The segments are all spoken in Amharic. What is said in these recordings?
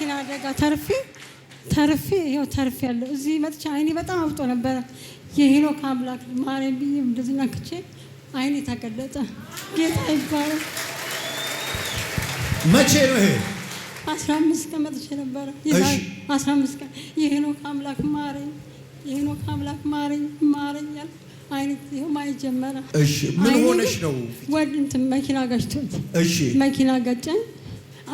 ከመኪና አደጋ ተርፌ ተርፌ ይኸው ተርፌ ያለው እዚህ መጥቼ አይኔ በጣም አብጦ ነበረ። የሄኖክ አምላክ ማርያም ብዬ እንደዚህ ነክቼ አይኔ ተገለጠ። ጌታ ይባላል። መቼ ነው ይሄ? አስራ አምስት ቀን መጥቼ ነበረ። አስራ አምስት ቀን የሄኖክ አምላክ ማርያም፣ የሄኖክ አምላክ ማርያም፣ ማርያም ያል አይነት ይሁም አይጀመረ። እሺ ምን ሆነሽ ነው? ወድ እንትን መኪና ገጭቶት፣ እሺ መኪና ገጨኝ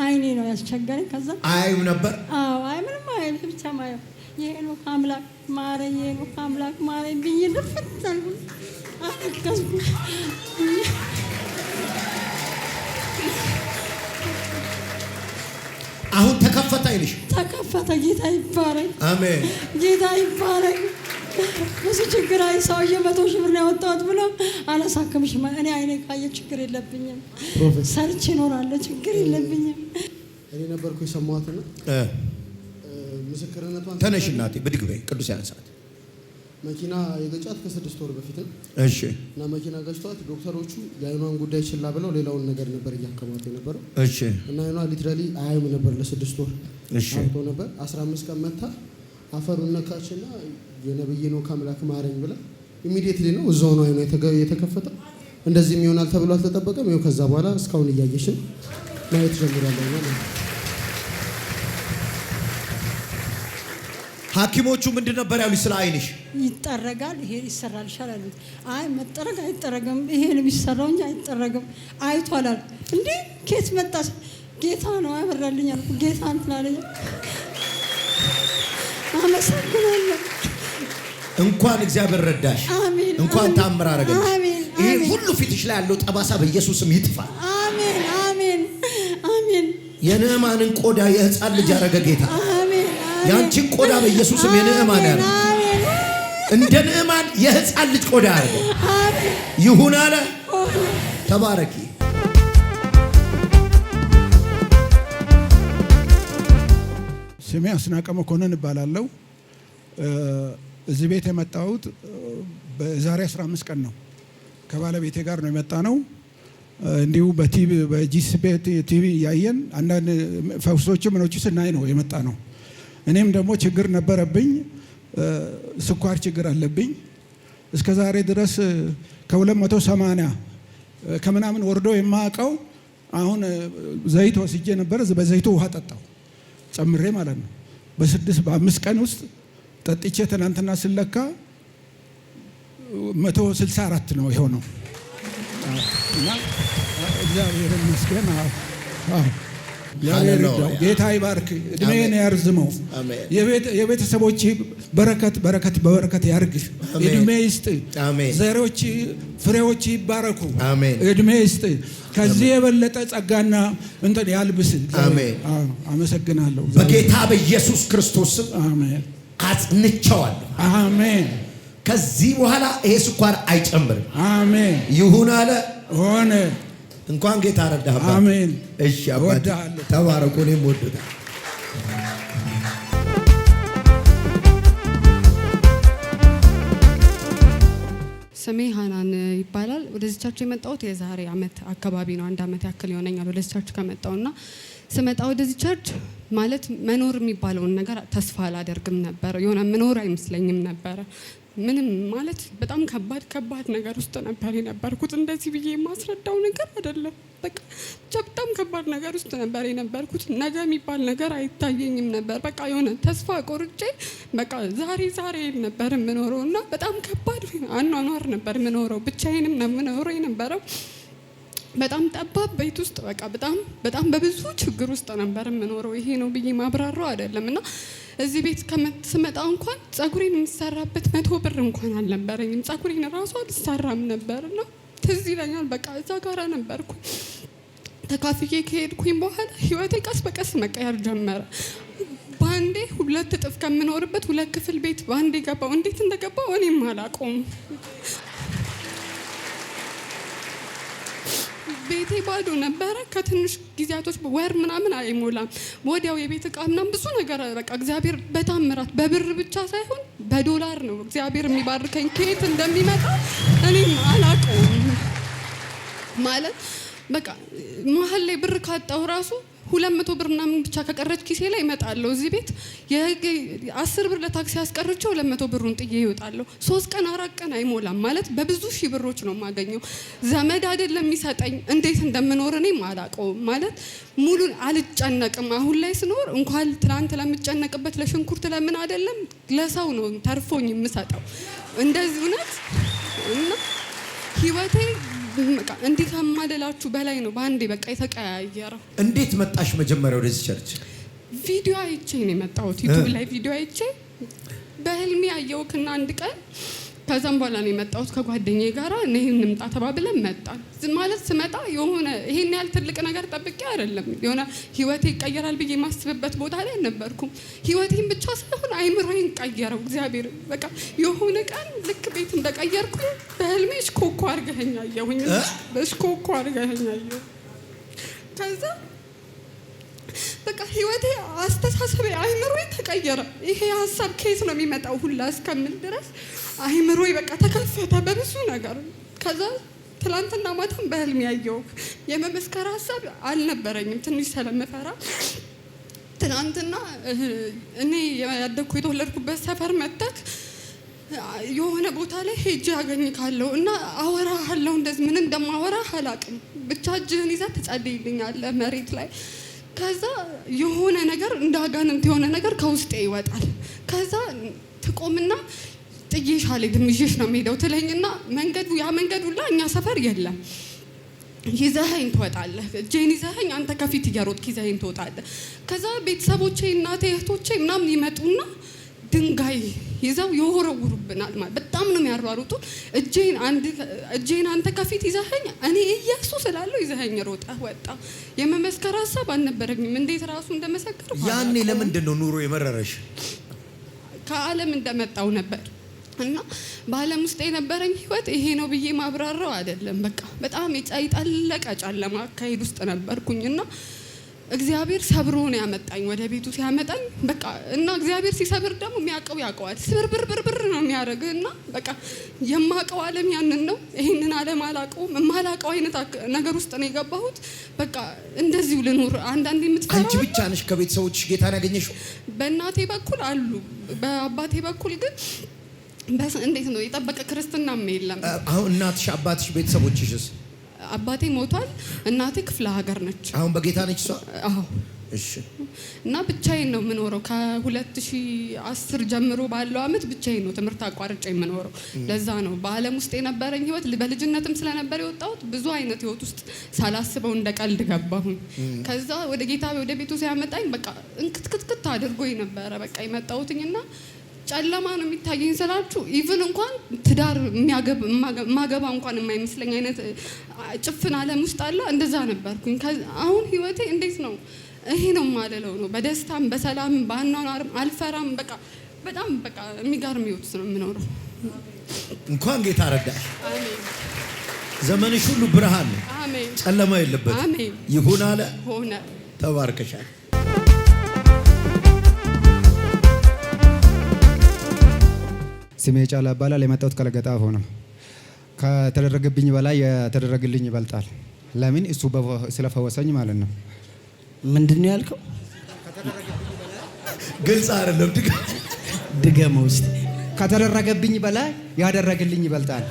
አይኔ ነው ያስቸገረኝ። ከዛ አያዩም ነበር። አዎ አይ ምንም አይ ብቻ ማየው የሄኖክ አምላክ ማረኝ፣ የሄኖክ አምላክ ማረኝ ብዬ ልፍት አልኩ፣ አሁን ተከፈተ አይልሽ? ተከፈተ። ጌታ ይባረክ። አሜን። ጌታ ይባረክ። ብዙ ችግር አይ ሰውዬ መቶ ሺህ ብር ነው ያወጣሁት ብሎ አላሳክምሽም። እኔ አይኔ ካየ ችግር የለብኝም፣ ሰርች ይኖራለ ችግር የለብኝም። እኔ ነበርኩ የሰማሁት ነው ምስክርነቷን። ተነሽ እናቴ ብድግ በይ፣ ቅዱስ ያነሳት መኪና የገጫት ከስድስት ወር በፊት እሺ። እና መኪና ገጭቷት ዶክተሮቹ የአይኗን ጉዳይ ችላ ብለው ሌላውን ነገር ነበር እያከማቱ የነበረው። እሺ። እና አይኗ ሊትራሊ አያዩም ነበር ለስድስት ወር። እሺ። ነበር አስራ አምስት ቀን መታ አፈሩን ነካችና የነብይ ነው ከአምላክ ማረኝ ብላ ኢሚዲየትሊ ነው እዛው ነው አይኑ የተከፈተው። እንደዚህም ይሆናል ተብሎ አልተጠበቀም። ይኸው ከዛ በኋላ እስካሁን እያየሽን ማየት ጀምራለሁ ማለት ነው። ሐኪሞቹ ምንድን ነበር ያሉ? ስለ አይንሽ ይጠረጋል፣ ይሄ ይሰራል አሉት። አይ መጠረግ አይጠረግም፣ ይሄ ነው የሚሰራው እንጂ አይጠረግም። አይቷል አሉ። እንዴ ኬት መጣ? ጌታ ነው ያበራልኝ አልኩ። ጌታ እንትን አለኝ አመሰግናለሁ። እንኳን እግዚአብሔር ረዳሽ፣ እንኳን ታምር አረገልሽ። ይሄ ሁሉ ፊትሽ ላይ ያለው ጠባሳ በኢየሱስም ይጥፋል። አሜን፣ አሜን፣ አሜን። የንዕማንን ቆዳ የህፃን ልጅ ያረገ ጌታ ያንቺን ቆዳ በኢየሱስም የንዕማን ያረ እንደ ንዕማን የህፃን ልጅ ቆዳ ያረገ ይሁን አለ። ተባረኪ። ስሜ አስናቀ መኮንን እባላለሁ። እዚህ ቤት የመጣሁት በዛሬ 15 ቀን ነው። ከባለቤቴ ጋር ነው የመጣ ነው። እንዲሁ በቲቪ ቲቪ እያየን አንዳንድ ፈውሶች ምኖች ስናይ ነው የመጣ ነው። እኔም ደግሞ ችግር ነበረብኝ። ስኳር ችግር አለብኝ። እስከ ዛሬ ድረስ ከ280 ከምናምን ወርዶ የማውቀው አሁን ዘይት ወስጄ ነበረ። በዘይቱ ውሃ ጠጣው። ጨምሬ ማለት ነው። በስድስት በአምስት ቀን ውስጥ ጠጥቼ ትናንትና ስለካ መቶ ስልሳ አራት ነው የሆነው እና እግዚአብሔር ይመስገን። እግዚአብሔር ይርዳው። ጌታ ይባርክ፣ እድሜን ያርዝመው። የቤተሰቦች በረከት በረከት በበረከት ያርግ እድሜ ይስጥ። ዘሮች ፍሬዎች ይባረኩ፣ እድሜ ይስጥ። ከዚህ የበለጠ ጸጋና እንትን ያልብስ። አመሰግናለሁ። በጌታ በኢየሱስ ክርስቶስ አጽንቸዋለሁ። አሜን። ከዚህ በኋላ ይሄ ስኳር አይጨምርም። አሜን። ይሁን አለ ሆነ። እንኳን ጌታ ረዳ። አሜን። እሺ አባት ተባረኩ። እኔም ወዱታል። ስሜ ሀናን ይባላል። ወደዚህ ቸርች የመጣሁት የዛሬ አመት አካባቢ ነው። አንድ አመት ያክል ይሆነኛል ወደዚህ ቸርች ከመጣሁና ስመጣ ወደዚህ ቸርች ማለት መኖር የሚባለውን ነገር ተስፋ አላደርግም ነበር። የሆነ መኖር አይመስለኝም ነበረ። ምንም ማለት በጣም ከባድ ከባድ ነገር ውስጥ ነበር የነበርኩት። እንደዚህ ብዬ የማስረዳው ነገር አይደለም። በቃ በጣም ከባድ ነገር ውስጥ ነበር የነበርኩት። ነገ የሚባል ነገር አይታየኝም ነበር። በቃ የሆነ ተስፋ ቆርጬ በቃ ዛሬ ዛሬ ነበር የምኖረው እና በጣም ከባድ አኗኗር ነበር የምኖረው። ብቻዬንም ነው የምኖረው የነበረው በጣም ጠባብ ቤት ውስጥ በቃ በጣም በጣም በብዙ ችግር ውስጥ ነበር የምኖረው። ይሄ ነው ብዬ ማብራራው አይደለም እና እዚህ ቤት ስመጣ እንኳን ጸጉሬን የምሰራበት መቶ ብር እንኳን አልነበረኝም። ጸጉሬን ራሱ አልሰራም ነበር እና ትዝ ይለኛል። በቃ እዛ ጋራ ነበርኩ። ተካፍዬ ከሄድኩኝ በኋላ ህይወቴ ቀስ በቀስ መቀየር ጀመረ። በአንዴ ሁለት እጥፍ ከምኖርበት ሁለት ክፍል ቤት በአንዴ ገባው። እንዴት እንደገባው እኔም አላቆም ቤቴ ባዶ ነበረ። ከትንሽ ጊዜያቶች ወር ምናምን አይሞላም ወዲያው የቤት እቃ ምናምን ብዙ ነገር በቃ እግዚአብሔር በታምራት በብር ብቻ ሳይሆን በዶላር ነው እግዚአብሔር የሚባርከኝ። ከየት እንደሚመጣ እኔም አላውቀውም ማለት በቃ መሀል ላይ ብር ካጣው ራሱ ሁለት መቶ ብር ምናምን ብቻ ከቀረች ኪሴ ላይ እመጣለሁ እዚህ ቤት አስር ብር ለታክሲ ያስቀርቸው ሁለት መቶ ብሩን ጥዬ ይወጣለሁ። ሶስት ቀን አራት ቀን አይሞላም ማለት በብዙ ሺህ ብሮች ነው የማገኘው። ዘመድ አይደለም የሚሰጠኝ፣ እንዴት እንደምኖር እኔም አላውቀውም። ማለት ሙሉን አልጨነቅም። አሁን ላይ ስኖር እንኳን ትናንት ለምጨነቅበት ለሽንኩርት ለምን አይደለም ለሰው ነው ተርፎኝ የምሰጠው እንደዚህ እውነት እና ህይወቴ እንዲህ ከማደላችሁ በላይ ነው። በአንዴ በቃ የተቀያየረው። እንዴት መጣሽ መጀመሪያ ወደዚህ ቸርች? ቪዲዮ አይቼ ነው የመጣሁት። ዩቱብ ላይ ቪዲዮ አይቼ በህልሜ አየሁክና አንድ ቀን ከዛም በኋላ ነው የመጣሁት ከጓደኛ ጋራ ይህን ንምጣ ተባብለን መጣ። ማለት ስመጣ የሆነ ይሄን ያህል ትልቅ ነገር ጠብቄ አይደለም የሆነ ህይወቴ ይቀየራል ብዬ የማስብበት ቦታ ላይ አልነበርኩም። ህይወቴን ብቻ ሳይሆን አይምሮዬን ቀየረው እግዚአብሔር። በቃ የሆነ ቀን ልክ ቤት እንደቀየርኩ በህልሜ እሽኮኮ አድርገኸኝ አየሁኝ። እሽኮኮ አድርገኸኝ አየሁ ከዛ በቃ ህይወቴ፣ አስተሳሰቤ፣ አይምሮዬ ተቀየረ። ይሄ ሀሳብ ከየት ነው የሚመጣው ሁላ እስከምል ድረስ አይምሮዬ በቃ ተከፈተ በብዙ ነገር። ከዛ ትላንትና ማታም በህልም ያየው የመመስከር ሀሳብ አልነበረኝም ትንሽ ስለምፈራ ትናንትና እኔ ያደግኩ የተወለድኩበት ሰፈር መተክ የሆነ ቦታ ላይ ሄጅ ያገኝ እና አወራ አለው እንደዚህ ምን እንደማወራ አላቅም። ብቻ እጅህን ይዛ ትጸልይልኛለህ መሬት ላይ ከዛ የሆነ ነገር እንደ አጋንንት የሆነ ነገር ከውስጤ ይወጣል። ከዛ ትቆምና ጥዬሽ አልሄድም ይዤሽ ነው የምሄደው ትለኝና መንገዱ ያ መንገዱ ላ እኛ ሰፈር የለም ይዘኸኝ ትወጣለህ። እጄን ይዘኸኝ አንተ ከፊት እያሮጥክ ይዘኸኝ ትወጣለህ። ከዛ ቤተሰቦቼ እናቴ፣ እህቶቼ ምናምን ይመጡና ድንጋይ ይዘው ይወረውሩብናል። ማለት በጣም ነው የሚያሯሩጡ። እጄን አንተ ከፊት ይዘኸኝ፣ እኔ እያሱ ስላለው ይዘኸኝ ሮጠ ወጣ። የመመስከር ሀሳብ አልነበረኝም። እንዴት ራሱ እንደመሰከር ያኔ ለምንድን ነው ኑሮ የመረረሽ? ከአለም እንደመጣው ነበር እና በአለም ውስጥ የነበረኝ ህይወት ይሄ ነው ብዬ ማብራራው አይደለም። በቃ በጣም የጠለቀ ጨለማ አካሄድ ውስጥ ነበርኩኝና እግዚአብሔር ሰብሮ ነው ያመጣኝ ወደ ቤቱ ሲያመጣኝ በቃ እና እግዚአብሔር ሲሰብር ደግሞ የሚያውቀው ያውቀዋል። ስብርብርብርብር ነው የሚያደርግ እና በቃ የማውቀው አለም ያንን ነው። ይህንን አለም አላውቀውም። የማላውቀው አይነት ነገር ውስጥ ነው የገባሁት። በቃ እንደዚሁ ልኑር። አንዳንዴ የምትፈራ አንቺ ብቻ ነሽ ከቤተሰቦች ጌታ ያገኘሽ በእናቴ በኩል አሉ፣ በአባቴ በኩል ግን እንዴት ነው የጠበቀ ክርስትናም የለም። አሁን እናትሽ አባትሽ ቤተሰቦችሽስ አባቴ ሞቷል። እናቴ ክፍለ ሀገር ነች። አሁን በጌታ ነች እሷ። አዎ እሺ። እና ብቻዬን ነው የምኖረው። ከ2010 ጀምሮ ባለው አመት ብቻዬን ነው ትምህርት አቋርጬ የምኖረው። ለዛ ነው በአለም ውስጥ የነበረኝ ህይወት በልጅነትም ስለነበር የወጣሁት ብዙ አይነት ህይወት ውስጥ ሳላስበው እንደ ቀልድ ገባሁኝ። ከዛ ወደ ጌታ ወደ ቤቱ ሲያመጣኝ በቃ እንክትክትክት አድርጎኝ ነበረ በቃ የመጣሁትኝ እና ጨለማ ነው የሚታየኝ ስላችሁ ኢቭን እንኳን ትዳር ማገባ እንኳን የማይመስለኝ አይነት ጭፍን አለም ውስጥ አለ። እንደዛ ነበርኩኝ። አሁን ህይወቴ እንዴት ነው? ይሄ ነው ማለለው ነው። በደስታም በሰላም በአኗኗርም አልፈራም። በቃ በጣም በቃ የሚገርም ህይወት ነው የምኖረው። እንኳን ጌታ ረዳ። ዘመንሽ ሁሉ ብርሃን ጨለማ የለበት ይሁን አለ ሆነ። ተባርከሻል። ስሜ ጫላ ይባላል። የመጣሁት ከለገጣፎ ነው። ከተደረገብኝ በላይ የተደረግልኝ ይበልጣል። ለምን እሱ ስለፈወሰኝ ማለት ነው። ምንድን ነው ያልከው? ግልጽ አይደለም። ድገመው ውስጥ ከተደረገብኝ በላይ ያደረግልኝ ይበልጣል።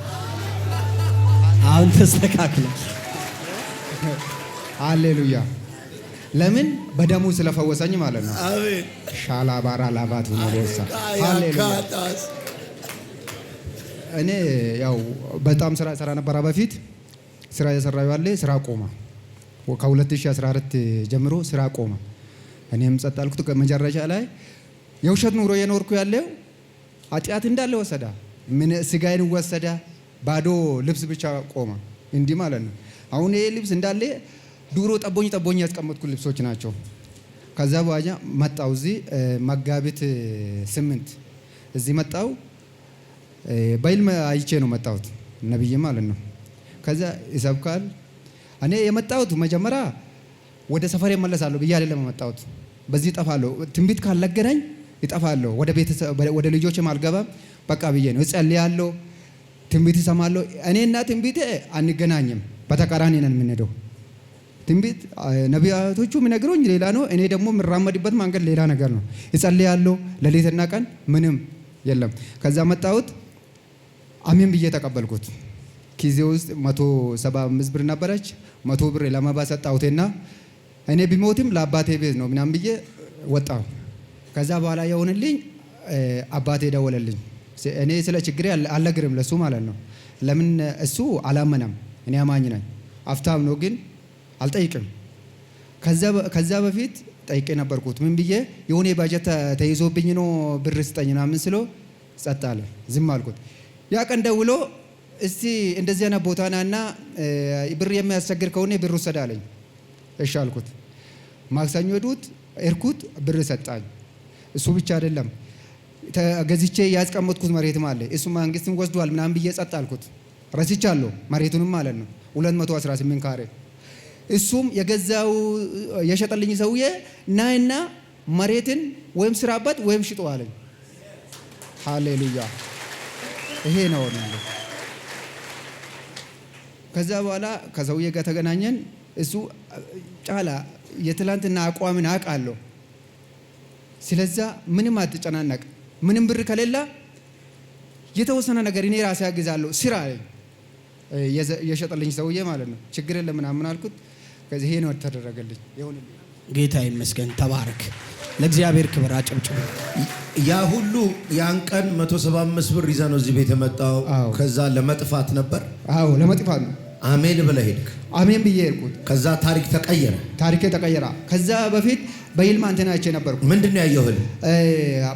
አሁን ተስተካክለ። አሌሉያ። ለምን በደሙ ስለፈወሰኝ ማለት ነው። ሻላባራ ላባት ሆኖ እኔ ያው በጣም ስራ ሰራ ነበራ በፊት ስራ የሰራ ያለ ስራ ቆማ ከ2014 ጀምሮ ስራ ቆማ። እኔም ጸጥ አልኩት። መጨረሻ ላይ የውሸት ኑሮ የኖርኩ ያለው አጢአት እንዳለ ወሰዳ፣ ምን ስጋይን ወሰዳ፣ ባዶ ልብስ ብቻ ቆማ። እንዲህ ማለት ነው። አሁን ይሄ ልብስ እንዳለ ዱሮ ጠቦኝ ጠቦኝ ያስቀመጥኩ ልብሶች ናቸው። ከዛ በኋላ መጣው እዚህ መጋቢት ስምንት እዚህ መጣው በህልም አይቼ ነው መጣሁት ነብይ ማለት ነው። ከዛ ይሰብካል። እኔ የመጣሁት መጀመሪያ ወደ ሰፈር እመለሳለሁ ብዬ አይደለም መጣሁት። በዚህ ይጠፋለሁ፣ ትንቢት ካልነገረኝ ይጠፋለሁ። ወደ ልጆች አልገባም በቃ ብዬ ነው። እጸልያለሁ፣ ትንቢት እሰማለሁ። እኔና ትንቢት አንገናኝም፣ በተቃራኒ ነን የምንሄደው። ትንቢት ነቢያቶቹ የሚነግሩኝ ሌላ ነው፣ እኔ ደግሞ የምራመድበት መንገድ ሌላ ነገር ነው። እጸልያለሁ፣ ሌሊትና ቀን ምንም የለም። ከዛ መጣሁት አሜን ብዬ ተቀበልኩት። ጊዜ ውስጥ መቶ ሰባ አምስት ብር ነበረች። መቶ ብር ለመባ ሰጣሁቴና እኔ ቢሞትም ለአባቴ ቤት ነው ምናምን ብዬ ወጣሁ። ከዛ በኋላ የሆንልኝ አባቴ ደወለልኝ። እኔ ስለ ችግሬ አልነግርም ለሱ ማለት ነው። ለምን እሱ አላመነም። እኔ አማኝ ነኝ። አፍታም ነው ግን አልጠይቅም። ከዛ በፊት ጠይቄ ነበርኩት። ምን ብዬ የሆነ ባጀት ተይዞብኝ ነው ብር ስጠኝ ምናምን ስለው ጸጥ አለ። ዝም አልኩት። ያ ቀን ደውሎ እስቲ እንደዚህ አይነት ቦታ ናና ብር የሚያስቸግር ከሆነ ብር ውሰድ አለኝ። እሺ አልኩት። ማክሰኞ ሄዱት እርኩት ብር ሰጣኝ። እሱ ብቻ አይደለም ገዝቼ ያስቀመጥኩት መሬትም አለ። እሱ መንግስትም ወስዷል ምናምን ብዬ ጸጥ አልኩት። ረስቻለሁ መሬቱንም ማለት ነው 218 ካሬ። እሱም የገዛው የሸጠልኝ ሰውዬ ናይና መሬትን ወይም ስራበት ወይም ሽጦ አለኝ። ሃሌሉያ ይሄ ነው ያለው። ከዛ በኋላ ከሰውዬ ጋር ተገናኘን። እሱ ጫላ የትላንትና አቋምን አውቃለሁ። ስለዛ ምንም አትጨናነቅ፣ ምንም ብር ከሌላ የተወሰነ ነገር እኔ ራሴ ያግዛለሁ ስራ የሸጠልኝ ሰውዬ ማለት ነው። ችግር የለም ምናምን አልኩት። ከዚህ ይሄ ነው ተደረገልኝ። ጌታ ይመስገን። ተባረክ። ለእግዚአብሔር ክብር አጨብጭቡ። ያ ሁሉ ያን ቀን 175 ብር ይዘህ ነው እዚህ ቤት የመጣው። ከዛ ለመጥፋት ነበር? አዎ ለመጥፋት ነው። አሜን ብለህ ሄድክ? አሜን ብዬ ሄድኩት። ከዛ ታሪክ ተቀየረ። ታሪክ ተቀየረ። ከዛ በፊት በይልማ አንተን አይቼ ነበርኩ። ምንድን ነው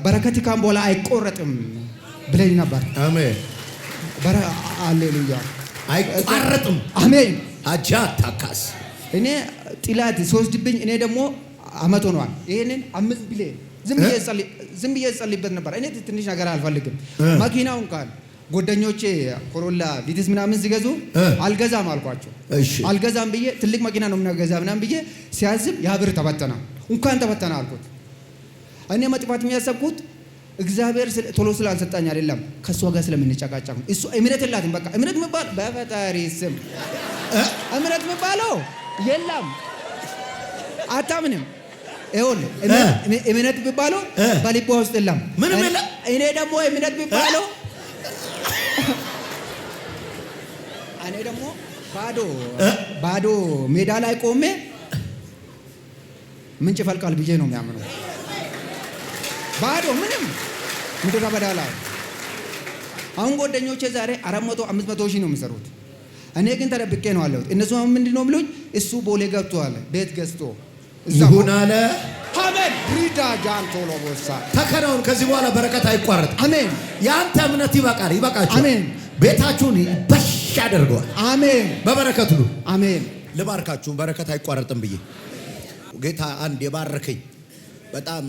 በረከት ካም በኋላ አይቆረጥም ብለኝ ነበር። አሜን በረ አሌሉያ አይቋረጥም። አሜን አጃ ታካስ እኔ ጥላት ሲወስድብኝ እኔ ደግሞ አመት ሆኗል። ይህንን አምስት ቢሊዮን ዝም ብዬ ጸልይበት ነበር። እኔ ትንሽ ነገር አልፈልግም። መኪናው እንኳን ጓደኞቼ ኮሮላ ቪትስ ምናምን ሲገዙ አልገዛም አልኳቸው። አልገዛም ብዬ ትልቅ መኪና ነው የምናገዛ ምናምን ብዬ ሲያዝብ ያብር ብር ተበተና እንኳን ተበተና አልኩት። እኔ መጥፋት የሚያሰብኩት እግዚአብሔር ቶሎ ስላልሰጣኝ አይደለም፣ ከእሷ ጋር ስለምንጨቃጨቅ እሱ እምነት የላትም። በቃ እምነት የሚባል በፈጣሪ ስም እምነት የሚባለው የለም አታምንም። ይሁን እምነት ቢባለው በልቧ ውስጥ የለም ምንም የለም። እኔ ደግሞ እምነት ቢባለው እኔ ደግሞ ባዶ ባዶ ሜዳ ላይ ቆሜ ምንጭ ይፈልቃል ብዬ ነው የሚያምነው። ባዶ ምንም ምድረ በዳ ላይ አሁን ጓደኞቼ ዛሬ አራት መቶ አምስት መቶ ሺህ ነው የሚሰሩት እኔ ግን ተደብቄ ነው አለሁት። እነሱ አሁን ምንድን ነው ብሎኝ እሱ ቦሌ ገብቷል ቤት ገዝቶ ይሁን አለ። አሜን ሪዳ ጃንቶሎ ቦሳ ተከናውን። ከዚህ በኋላ በረከት አይቋረጥ። አሜን። የአንተ እምነት ይበቃል፣ ይበቃችሁ። አሜን። ቤታችሁን በሽ ያደርገዋል። አሜን። በበረከት ሁሉ አሜን። ልባርካችሁን። በረከት አይቋረጥም ብዬ ጌታ አንድ የባረከኝ በጣም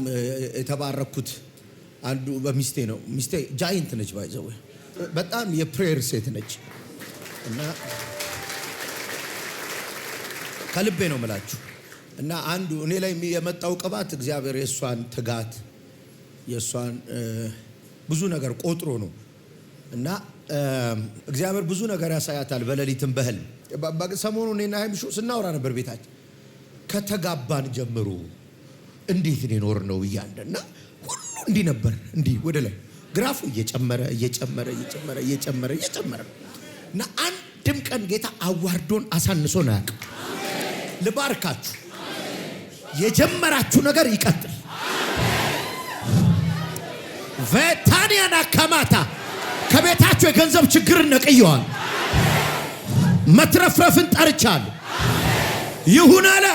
የተባረኩት አንዱ በሚስቴ ነው። ሚስቴ ጃይንት ነች፣ ባይዘው በጣም የፕሬየር ሴት ነች። እና ከልቤ ነው የምላችሁ። እና አንዱ እኔ ላይ የመጣው ቅባት እግዚአብሔር የእሷን ትጋት የእሷን ብዙ ነገር ቆጥሮ ነው እና እግዚአብሔር ብዙ ነገር ያሳያታል። በሌሊትም በህል ሰሞኑ እኔና ሀይምሹ ስናወራ ነበር ቤታችን ከተጋባን ጀምሮ እንዴት ኖር ነው እያለ እና ሁሉ እንዲህ ነበር እንዲህ ወደ ላይ ግራፉ እየጨመረ እየጨመረ እየጨመረ እየጨመረ እየጨመረ እና አንድም ቀን ጌታ አዋርዶን አሳንሶን አያውቅም። ልባርካችሁ። የጀመራችሁ ነገር ይቀጥል። ቬታንያና ከማታ ከቤታችሁ የገንዘብ ችግር ነቅየዋል። መትረፍረፍን ጠርቻለሁ። ይሁን አለ።